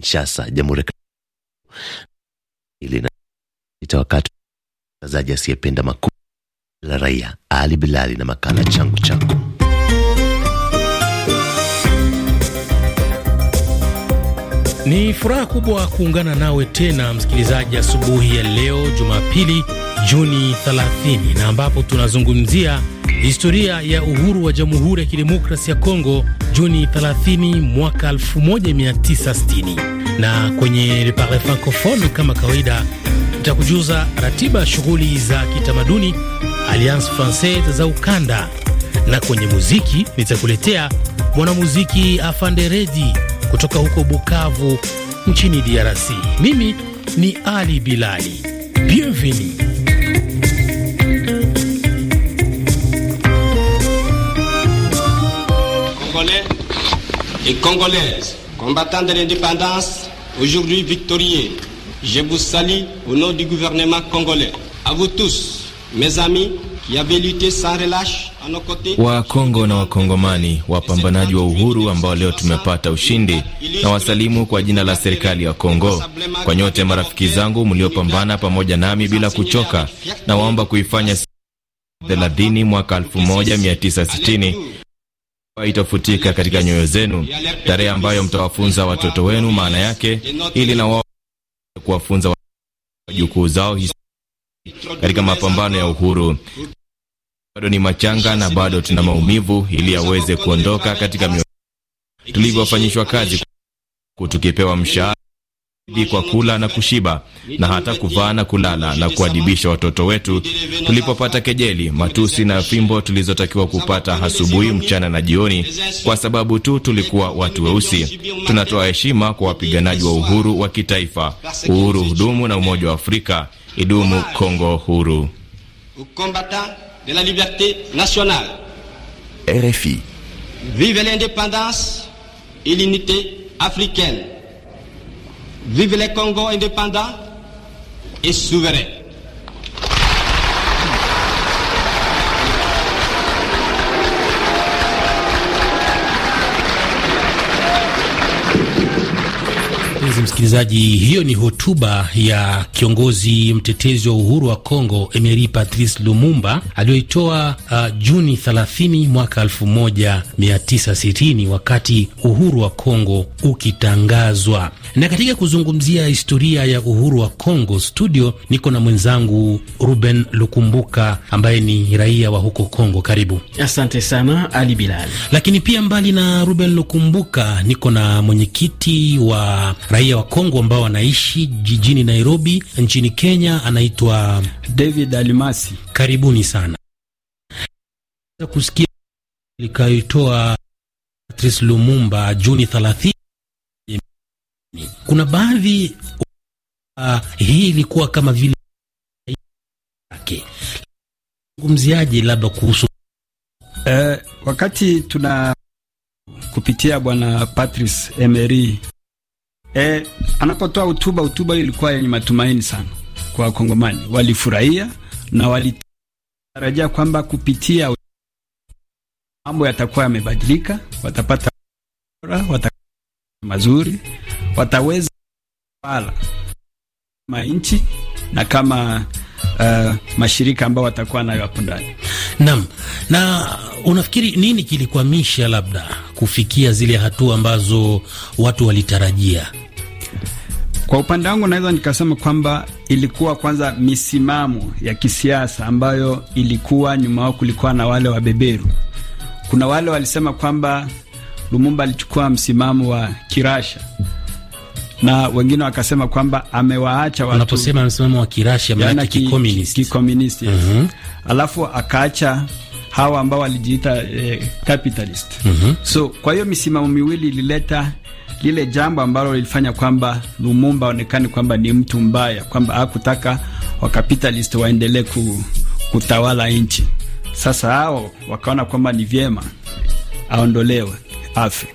Kinshasa, Jamhuri ya wakati mtazaji asiyependa makuu la raia Ali Bilali na makala changu chako Ni furaha kubwa kuungana nawe tena msikilizaji, asubuhi ya leo Jumapili Juni 30 na ambapo tunazungumzia Historia ya uhuru wa Jamhuri ya Kidemokrasia ya Kongo, Juni 30 mwaka 1960. Na kwenye Le Parle Francophone, kama kawaida, nitakujuza ratiba ya shughuli za kitamaduni Alliance Francaise za ukanda, na kwenye muziki nitakuletea mwanamuziki Afande Redi kutoka huko Bukavu nchini DRC. Mimi ni Ali Bilali. Bienvenue. Congolais et Congolaises, combattants de l'indépendance, aujourd'hui victorieux, je vous salue au nom du gouvernement congolais. À vous tous, mes amis, qui avez lutté sans relâche à nos côtés. Wakongo na Wakongomani, wapambanaji wa uhuru ambao leo tumepata ushindi, na wasalimu kwa jina la serikali ya Kongo. Kwa nyote marafiki zangu mliopambana pamoja nami bila kuchoka, nawaomba kuifanya 30 mwaka 1960 itafutika katika nyoyo zenu, tarehe ambayo mtawafunza watoto wenu maana yake, ili na wao kuwafunza wajukuu zao katika mapambano ya uhuru. Bado ni machanga na bado tuna maumivu, ili yaweze kuondoka katika mioyo tulivyofanyishwa kazi, tukipewa mshahara kwa kula na kushiba na hata kuvaa na kulala na kuadibisha watoto wetu tulipopata kejeli, matusi na fimbo tulizotakiwa kupata asubuhi, mchana na jioni, kwa sababu tu tulikuwa watu weusi. Tunatoa heshima kwa wapiganaji wa uhuru wa kitaifa. Uhuru hudumu na Umoja wa Afrika idumu. Kongo huru. RFI. Vive l'indépendance et l'unité africaine. Vive les Congo indépendants et souverains. msikilizaji, hiyo ni hotuba ya kiongozi mtetezi wa uhuru wa Kongo Emery Patrice Lumumba aliyoitoa uh, Juni 30 mwaka 1960 wakati uhuru wa Kongo ukitangazwa. Na katika kuzungumzia historia ya uhuru wa Kongo, studio niko na mwenzangu Ruben Lukumbuka ambaye ni raia wa huko Kongo. Karibu. Asante sana Ali Bilal. Lakini pia mbali na Ruben Lukumbuka, niko na mwenyekiti wa raia wa Kongo ambao wanaishi jijini Nairobi nchini Kenya, anaitwa David Alimasi. Karibuni sana kusikia likaitoa Patrice Lumumba Juni kuna baadhi uh, hii ilikuwa kama vile yake zungumziaje, labda kuhusu uh, wakati tuna kupitia bwana Patrice Emery eh, anapotoa hotuba, hotuba hiyo ilikuwa yenye matumaini sana kwa Wakongomani, walifurahia na walitarajia kwamba kupitia mambo yatakuwa yamebadilika, watapata bora, watapata mazuri wataweza pala kama nchi na kama uh, mashirika ambao watakuwa nayo hapo ndani. Naam. Na unafikiri nini kilikwamisha labda kufikia zile hatua ambazo watu walitarajia? Kwa upande wangu naweza nikasema kwamba ilikuwa kwanza misimamo ya kisiasa ambayo ilikuwa nyuma yao, kulikuwa na wale wabeberu. Kuna wale walisema kwamba Lumumba alichukua msimamo wa kirasha na wengine wakasema kwamba amewaacha watu unaposema msimamo wa kirasia maana yaani kikomunisti kikomunisti. uh mhm. -huh. Alafu akaacha hawa ambao walijiita eh, capitalist. uh mhm. -huh. So kwa hiyo misimamo miwili ilileta lile jambo ambalo lilifanya kwamba Lumumba aonekane kwamba ni mtu mbaya, kwamba hakutaka wakapitalist waendelee ku, kutawala nchi. Sasa hao wakaona kwamba ni vyema aondolewe, afe.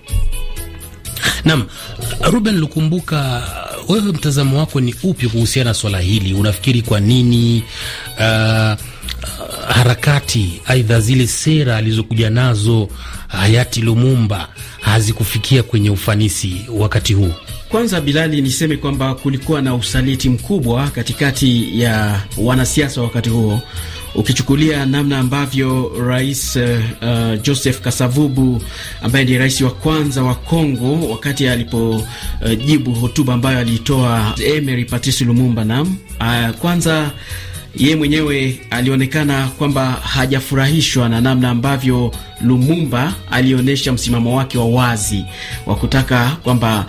Naam, Ruben Lukumbuka, wewe mtazamo wako ni upi kuhusiana na swala hili? Unafikiri kwa nini uh, harakati aidha zile sera alizokuja nazo hayati Lumumba hazikufikia kwenye ufanisi wakati huu? Kwanza Bilali, niseme kwamba kulikuwa na usaliti mkubwa katikati ya wanasiasa wakati huo ukichukulia namna ambavyo rais uh, Joseph Kasavubu ambaye ndiye rais wa kwanza wa Kongo wakati alipojibu eh, uh, hotuba ambayo aliitoa Emery Patrice Lumumba nam uh, kwanza ye mwenyewe alionekana kwamba hajafurahishwa na namna ambavyo Lumumba alionyesha msimamo wake wa wazi wa kutaka kwamba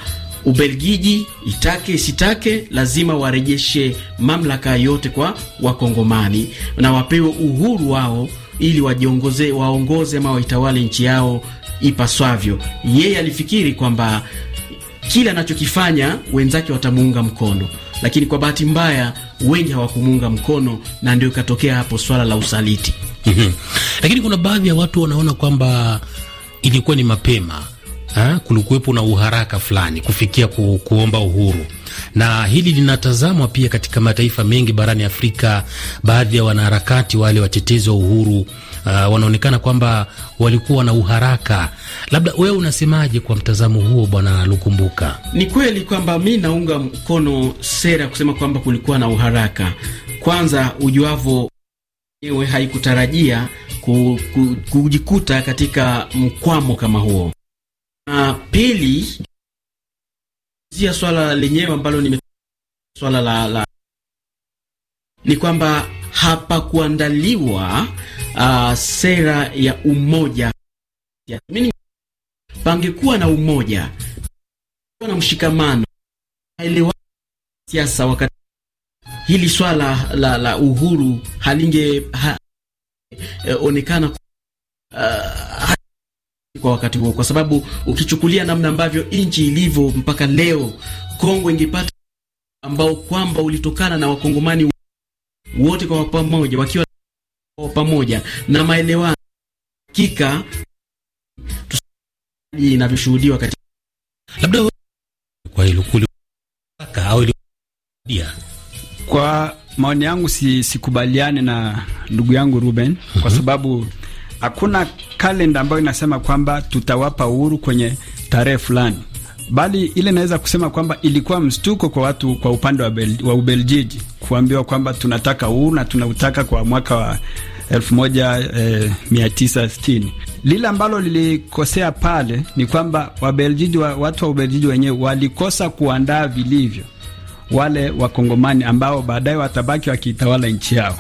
Ubelgiji itake isitake, lazima warejeshe mamlaka yote kwa Wakongomani na wapewe uhuru wao ili wajiongoze, waongoze ama waitawale nchi yao ipaswavyo. Yeye alifikiri kwamba kile anachokifanya wenzake watamuunga mkono, lakini kwa bahati mbaya wengi hawakumuunga mkono, na ndio ikatokea hapo swala la usaliti. Mhm. Lakini kuna baadhi ya watu wanaona kwamba ilikuwa ni mapema ha, kulikuwepo na uharaka fulani kufikia ku, kuomba uhuru, na hili linatazamwa pia katika mataifa mengi barani Afrika. Baadhi ya wanaharakati wale watetezi wa uhuru uh, wanaonekana kwamba walikuwa na uharaka. Labda wewe unasemaje kwa mtazamo huo, bwana Lukumbuka? Ni kweli kwamba mi naunga mkono sera kusema kwamba kulikuwa na uharaka. Kwanza ujuavo ewe haikutarajia kujikuta katika mkwamo kama huo. Na pili zia swala lenyewe ambalo nime swala la, la ni kwamba hapakuandaliwa uh, sera ya umoja. Mimi pangekuwa na umoja na mshikamano elewa siasa, wakati hili swala la, la uhuru halinge ha, eh, onekana uh, kwa wakati huo, kwa sababu ukichukulia namna ambavyo nchi ilivyo mpaka leo, Kongo ingepata ambao kwamba ulitokana na wakongomani wote kwa pamoja, wakiwa kwa pamoja na maelewano kika inavyoshuhudiwa katika labda kwa ilukuli au ilia. Kwa maoni yangu, sikubaliane si na ndugu yangu Ruben, mm -hmm. kwa mhm. sababu Hakuna kalenda ambayo inasema kwamba tutawapa uhuru kwenye tarehe fulani, bali ile inaweza kusema kwamba ilikuwa mshtuko kwa watu kwa upande wa, wa Ubeljiji kuambiwa kwamba tunataka uhuru na tunautaka kwa mwaka wa 1960. Eh, lile ambalo lilikosea pale ni kwamba Wabeljiji wa, watu wa Ubeljiji wenyewe walikosa kuandaa vilivyo wale Wakongomani ambao baadaye watabaki wakitawala nchi yao.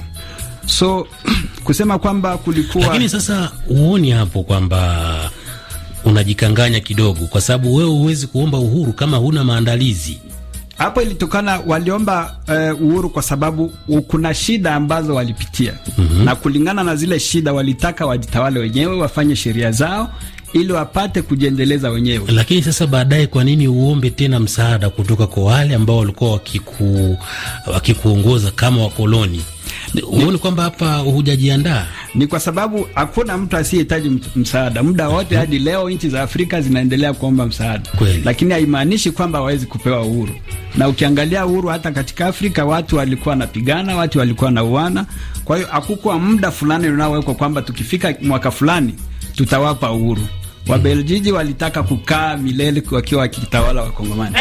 So kusema kwamba kulikuwa. Lakini sasa uoni hapo kwamba unajikanganya kidogo, kwa sababu wewe huwezi kuomba uhuru kama huna maandalizi. Hapo ilitokana waliomba uh, uhuru kwa sababu kuna shida ambazo walipitia mm -hmm. na kulingana na zile shida walitaka wajitawale wenyewe, wafanye sheria zao ili wapate kujiendeleza wenyewe. Lakini sasa baadaye, kwa nini uombe tena msaada kutoka kwa wale ambao walikuwa wakiku, wakikuongoza kama wakoloni? Uone kwamba hapa hujajiandaa. Ni kwa sababu hakuna mtu asiyehitaji msaada muda wote. Mhm. Hadi leo nchi za Afrika zinaendelea kuomba msaada kweli, lakini haimaanishi kwamba hawezi kupewa uhuru. Na ukiangalia uhuru hata katika Afrika watu walikuwa wanapigana, watu walikuwa wanauana. Kwa hiyo hakukuwa muda fulani unaowekwa kwamba tukifika mwaka fulani tutawapa uhuru. Wabeljiji walitaka kukaa milele wakiwa wakitawala Wakongomani.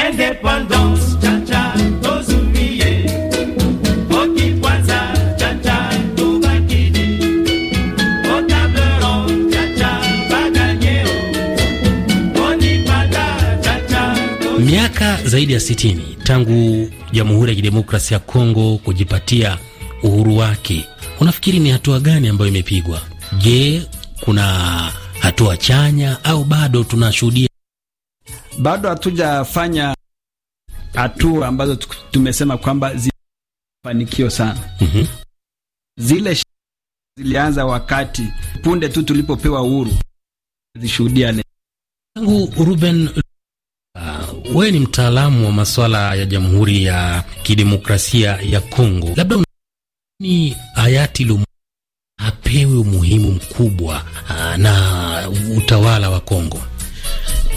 Miaka zaidi ya 60 tangu Jamhuri ya Kidemokrasia ya Kongo kujipatia uhuru wake, unafikiri ni hatua gani ambayo imepigwa? Je, kuna hatua chanya au bado tunashuhudia? Bado hatujafanya hatua ambazo tumesema kwamba zifanikio sana. mm -hmm. Zile zilianza wakati punde tu tulipopewa uhuru zishuhudia Tangu Ruben uh, wewe ni mtaalamu wa masuala ya Jamhuri ya Kidemokrasia ya Kongo, labda ni hayati Lum apewe umuhimu mkubwa ah, na utawala wa Kongo?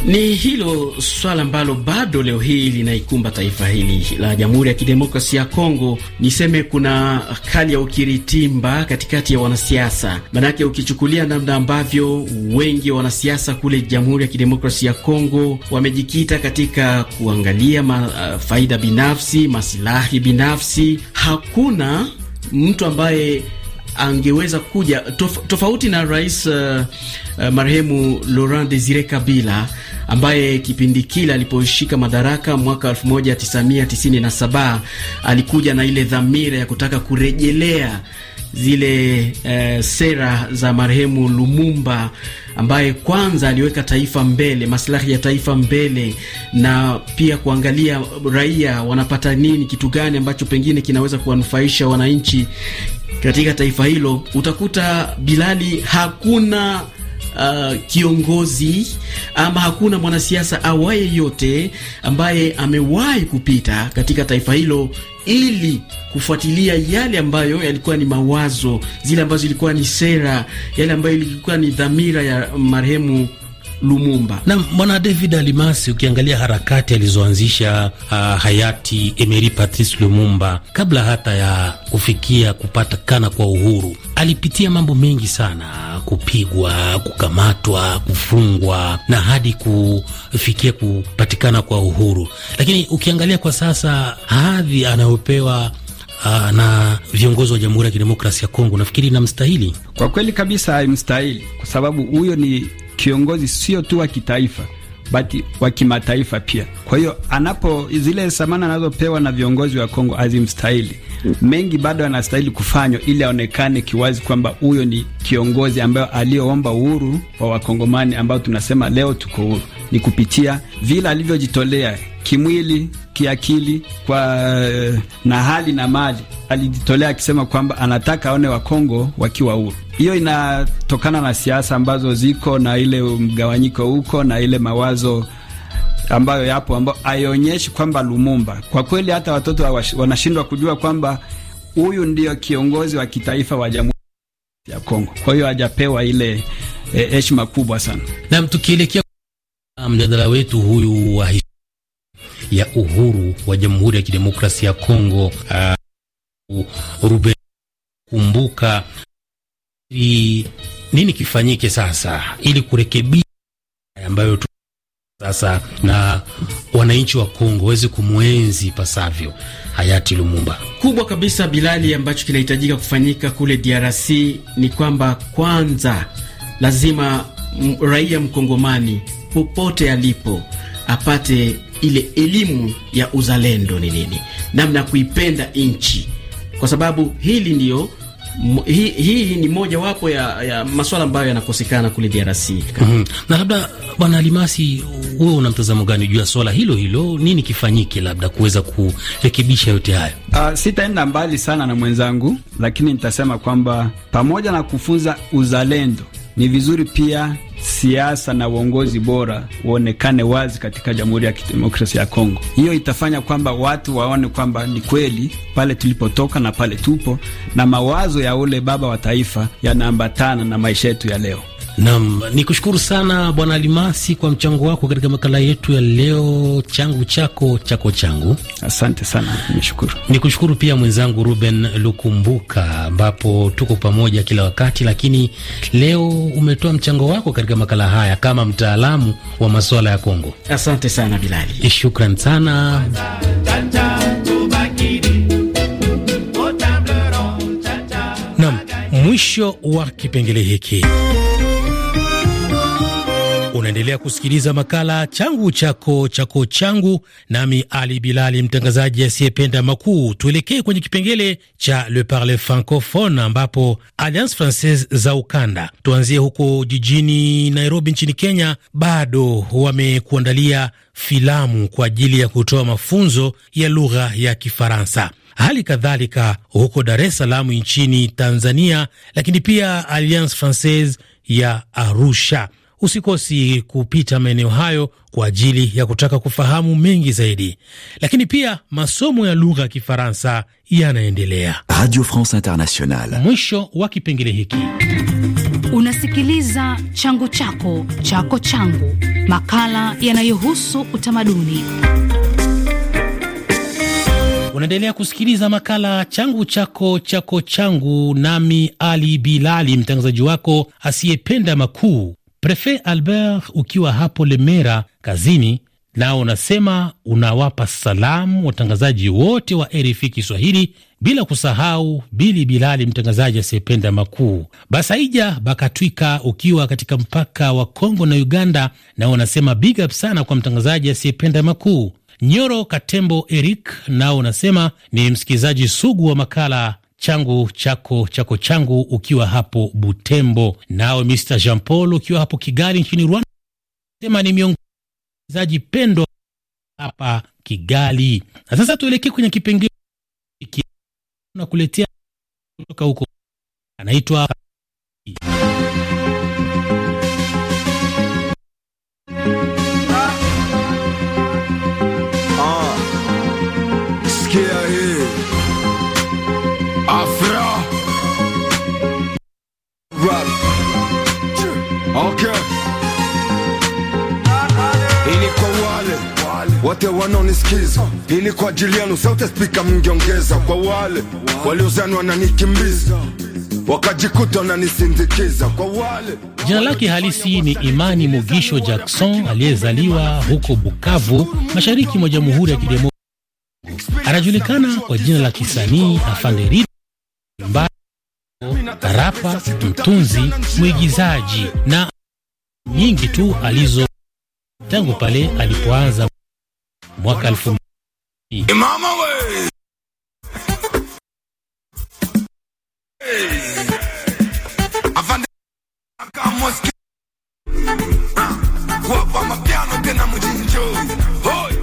Ni hilo swala ambalo bado leo hii linaikumba taifa hili la Jamhuri ya Kidemokrasia ya Kongo. Niseme kuna hali ya ukiritimba katikati ya wanasiasa, manake ukichukulia namna ambavyo wengi wa wanasiasa kule Jamhuri ya Kidemokrasia ya Kongo wamejikita katika kuangalia ma, uh, faida binafsi, masilahi binafsi, hakuna mtu ambaye angeweza kuja tof, tofauti na rais uh, uh, marehemu Laurent Desire Kabila ambaye kipindi kile aliposhika madaraka mwaka 1997 alikuja na ile dhamira ya kutaka kurejelea zile eh, sera za marehemu Lumumba ambaye kwanza aliweka taifa mbele, maslahi ya taifa mbele, na pia kuangalia raia wanapata nini, kitu gani ambacho pengine kinaweza kuwanufaisha wananchi katika taifa hilo. Utakuta Bilali, hakuna Uh, kiongozi ama hakuna mwanasiasa awaye yote ambaye amewahi kupita katika taifa hilo ili kufuatilia yale ambayo yalikuwa ni mawazo, zile ambazo ilikuwa ni sera, yale ambayo ilikuwa ni dhamira ya marehemu Lumumba. Na Bwana David Alimasi, ukiangalia harakati alizoanzisha uh, hayati Emeri Patrice Lumumba kabla hata ya kufikia kupatikana kwa uhuru, alipitia mambo mengi sana, kupigwa, kukamatwa, kufungwa na hadi kufikia kupatikana kwa uhuru. Lakini ukiangalia kwa sasa hadhi anayopewa Aa, uh, na viongozi wa Jamhuri ya Kidemokrasia ya Kongo nafikiri inamstahili kwa kweli kabisa, haimstahili kwa sababu huyo ni kiongozi sio tu wa kitaifa bati wa kimataifa pia. Kwa hiyo anapo zile samana anazopewa na viongozi wa Kongo azimstahili mengi, bado anastahili kufanywa ili aonekane kiwazi kwamba huyo ni kiongozi ambayo aliyoomba uhuru wa Wakongomani ambao tunasema leo tuko huru, ni kupitia vile alivyojitolea kimwili, kiakili kwa eh, na hali na mali. Alijitolea akisema kwamba anataka aone Wakongo wakiwa huru. Hiyo inatokana na siasa ambazo ziko na ile mgawanyiko huko na ile mawazo ambayo yapo ambayo haionyeshi kwamba Lumumba kwa kweli, hata watoto wa wanashindwa kujua kwamba huyu ndio kiongozi wa kitaifa wa Jamhuri ya Kongo. Kwa hiyo hajapewa ile eh, heshima eh, kubwa sana. Na mtukielekea mjadala wetu huyu wa ya uhuru wa Jamhuri ya Kidemokrasia ya Kongo. Uh, Ruben, kumbuka i, nini kifanyike sasa ili kurekebisha ambayo tu sasa na wananchi wa Kongo wawezi kumwenzi pasavyo hayati Lumumba. Kubwa kabisa Bilali, ambacho kinahitajika kufanyika kule DRC ni kwamba kwanza lazima raia mkongomani popote alipo apate ile elimu ya uzalendo ni nini, namna ya kuipenda nchi, kwa sababu hili ndiyo hii hi, ni mojawapo ya, ya maswala ambayo yanakosekana kule DRC. mm -hmm. Na labda Bwana Alimasi, wewe una mtazamo gani juu ya swala hilo hilo? Nini kifanyike labda kuweza kurekebisha yote hayo? Uh, sitaenda mbali sana na mwenzangu, lakini nitasema kwamba pamoja na kufunza uzalendo ni vizuri pia siasa na uongozi bora uonekane wazi katika Jamhuri ya Kidemokrasia ya Kongo. Hiyo itafanya kwamba watu waone kwamba ni kweli pale tulipotoka na pale tupo, na mawazo ya ule baba wa taifa yanaambatana na maisha yetu ya leo. Naam, ni kushukuru sana Bwana Alimasi kwa mchango wako katika makala yetu ya leo, changu chako chako changu. Asante sana, nimeshukuru. Ni kushukuru pia mwenzangu Ruben Lukumbuka, ambapo tuko pamoja kila wakati, lakini leo umetoa mchango wako katika makala haya kama mtaalamu wa masuala ya Kongo. Asante sana Bilali, eh, shukran sana Nam, mwisho wa kipengele hiki. Unaendelea kusikiliza makala changu chako chako changu, nami Ali Bilali, mtangazaji asiyependa makuu. Tuelekee kwenye kipengele cha Le Parle Francophone, ambapo Alliance Francaise za ukanda. Tuanzie huko jijini Nairobi nchini Kenya, bado wamekuandalia filamu kwa ajili ya kutoa mafunzo ya lugha ya Kifaransa. Hali kadhalika huko Dar es Salaam nchini Tanzania, lakini pia Alliance Francaise ya Arusha usikosi kupita maeneo hayo kwa ajili ya kutaka kufahamu mengi zaidi. Lakini pia masomo ya lugha ya Kifaransa yanaendelea. Radio France Internationale. Mwisho wa kipengele hiki unasikiliza changu chako chako changu, makala yanayohusu utamaduni Unaendelea kusikiliza makala changu chako chako changu, nami Ali Bilali, mtangazaji wako asiyependa makuu. Prefet Albert, ukiwa hapo Lemera kazini, nao unasema unawapa salamu watangazaji wote wa RFI Kiswahili bila kusahau Bili Bilali, mtangazaji asiyependa makuu. Basaija Bakatwika, ukiwa katika mpaka wa Kongo na Uganda, nao unasema big up sana kwa mtangazaji asiyependa makuu. Nyoro Katembo Eric nao unasema ni msikilizaji sugu wa makala changu chako chako changu, ukiwa hapo Butembo. Nawe Mr Jean Paul ukiwa hapo Kigali nchini Rwanda sema ni miongozaji pendo hapa Kigali. Na sasa tuelekee kwenye kipengele na kuletea kutoka huko, anaitwa wote wanaonisikiza ili kwa ajili yenu sauti spika mngeongeza kwa wale na nikimbiza wakajikuta wananisindikiza kwa wale. Jina lake halisi ni Imani Mugisho Jackson aliyezaliwa huko Bukavu, mashariki mwa Jamhuri ya Kidemokrasia. Anajulikana kwa jina la kisanii Afande Rida, rapa, mtunzi, mwigizaji na nyingi tu alizo tangu pale alipoanza mwaka elfu ah,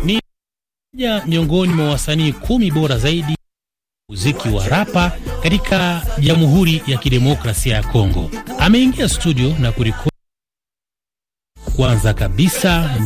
ni moja miongoni mwa wasanii kumi bora zaidi muziki wa rapa katika Jamhuri ya Kidemokrasia ya Kongo. Ameingia studio na kurekodi kwanza kabisa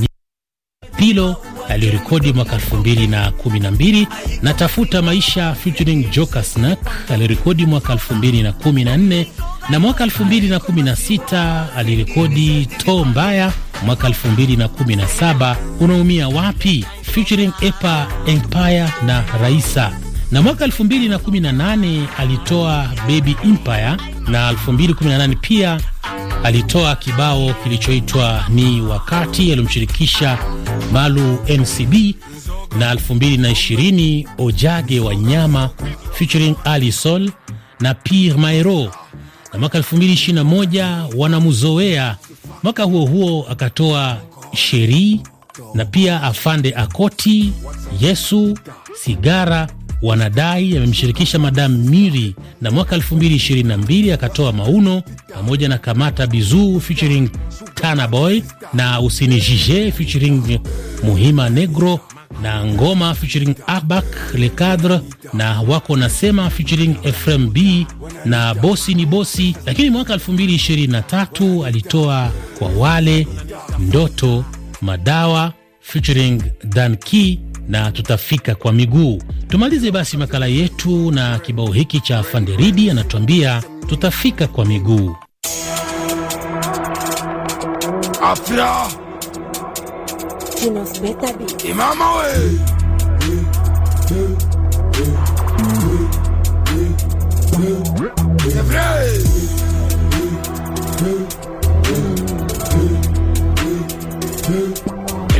Pilo aliyorekodi mwaka 2012 na Tafuta Maisha featuring Joker Snack aliyorekodi mwaka 2014 na mwaka 2016 alirekodi To Mbaya, mwaka 2017 Unaumia Wapi featuring Epa Empire na Raisa, na mwaka 2018 alitoa Baby Empire na 2018 pia alitoa kibao kilichoitwa ni wakati aliyomshirikisha Malu MCB na 2020 Ojage wa Nyama featuring Ali Sol na Pierre Maero, na mwaka 2021 wanamuzoea. Mwaka huo huo akatoa Sheri na pia Afande Akoti, Yesu, Sigara wanadai yamemshirikisha madamu Miri na mwaka 2022 akatoa Mauno pamoja na Kamata Bizu featuring Tana Boy na Usinijije featuring Muhima Negro na Ngoma featuring Abak Le Cadre na wako nasema featuring FMB na Bosi ni Bosi, lakini mwaka 2023 alitoa kwa wale Ndoto Madawa featuring Danki na tutafika kwa miguu. Tumalize basi makala yetu na kibao hiki cha Fanderidi anatuambia tutafika kwa miguu. Afra imama we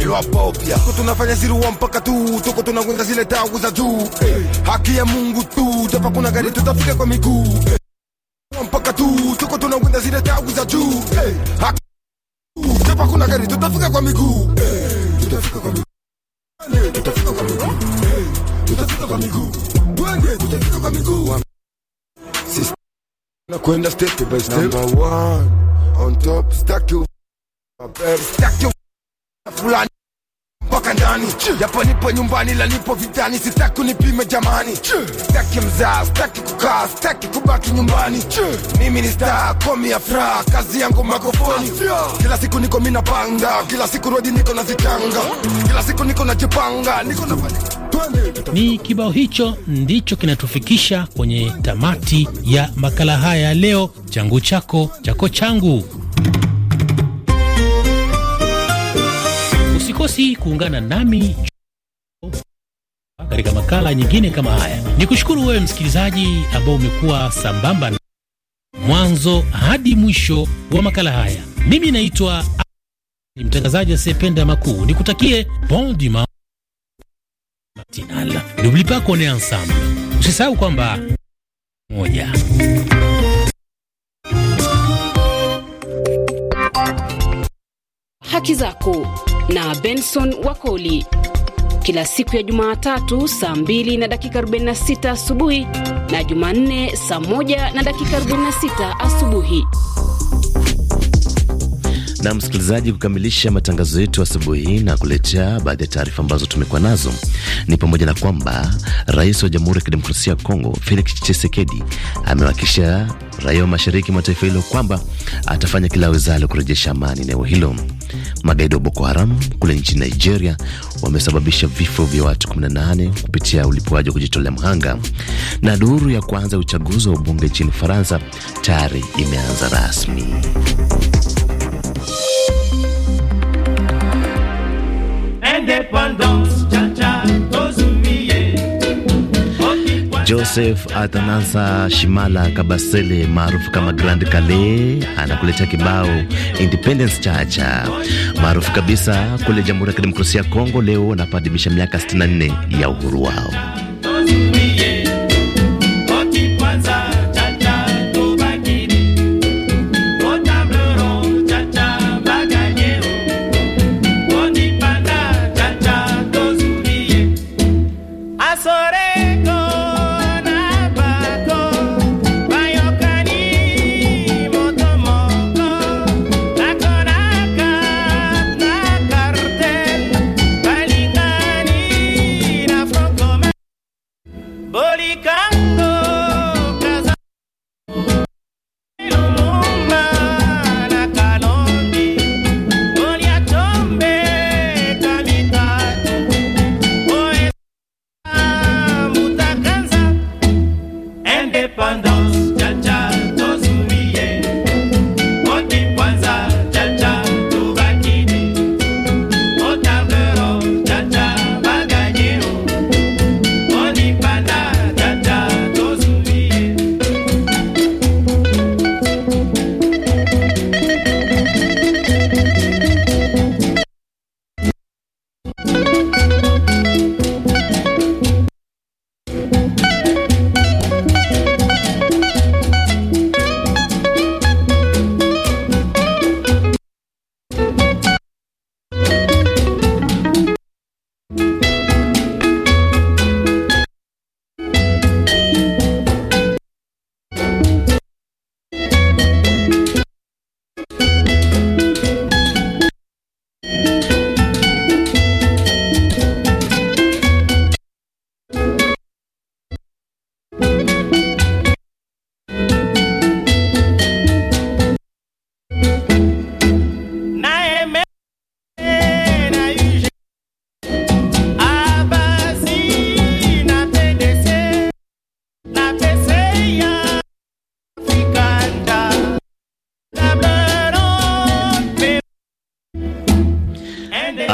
tuliwapa upya, tunafanya ziruwa mpaka tu tuko tunagwenga zile tangu za juu. Eh. Haki ya Mungu tu japa, kuna gari tutafika kwa miguu eh. mpaka tu tuko tunagwenga zile tangu za juu. Eh. Haki japa, kuna gari tutafika kwa miguu, tutafika kwa miguu, tutafika kwa miguu, tutafika kwa miguu, tutafika kwa miguu na step by step. Number one on top stack you, stack you fulani mpaka ndani, japo nipo nyumbani la nipo vitani, sitaki nipime jamani, sitaki mzaa, sitaki kukaa, sitaki kubaki nyumbani. Mimi ni star, komi ya afra, kazi yangu makofoni, kila siku niko minapanga kila siku rodi niko na zitanga, kila siku niko na niko na ni kibao hicho ndicho kinatufikisha kwenye tamati ya makala haya ya leo, changu chako chako changu. Usikosi kuungana nami katika makala nyingine kama haya. Ni kushukuru wewe msikilizaji ambao umekuwa sambamba na mwanzo hadi mwisho wa makala haya. Mimi naitwa ni mtangazaji asiyependa makuu, nikutakie bon dimanche matinal. N'oublie pas qu'on est ensemble, usisahau kwamba moja haki zako na Benson Wakoli kila siku ya Jumatatu saa 2 na dakika 46 asubuhi na Jumanne saa 1 na dakika 46 asubuhi na msikilizaji, kukamilisha matangazo yetu asubuhi hii na kuletea baadhi ya taarifa ambazo tumekuwa nazo ni pamoja na kwamba rais wa Jamhuri ya Kidemokrasia ya Kongo Felix Tshisekedi amewahakikishia raia wa mashariki mwa taifa hilo kwamba atafanya kila awezalo kurejesha amani eneo hilo. Magaidi wa Boko Haram kule nchini Nigeria wamesababisha vifo vya watu 18 kupitia ulipuaji wa kujitolea mhanga, na duru ya kwanza ya uchaguzi wa ubunge nchini Ufaransa tayari imeanza rasmi. Joseph Atanasa Shimala Kabasele maarufu kama Grand Kale anakuletea kibao Independence Chacha maarufu kabisa kule Jamhuri ya Kidemokrasia ya Kongo. Leo anapoadhimisha miaka 64 ya uhuru wao.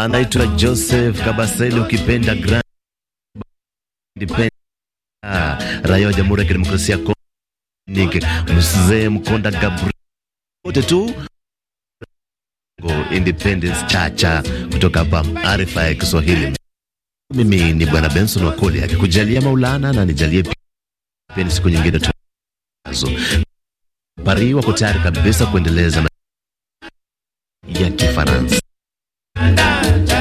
anaitwa Joseph Kabasele, ukipenda Grand raia wa Jamhuri ya Kidemokrasia ya Kongo, mzee Mkonda Gabriel, wote tu Independence Chacha kutoka hapa ya Kiswahili. Mimi ni Bwana Benson Wakoli, akikujalia Maulana na nijalie pia siku nyingine tunazo. Paris wako tayari kabisa kuendeleza ya Kifaransa. cha cha cha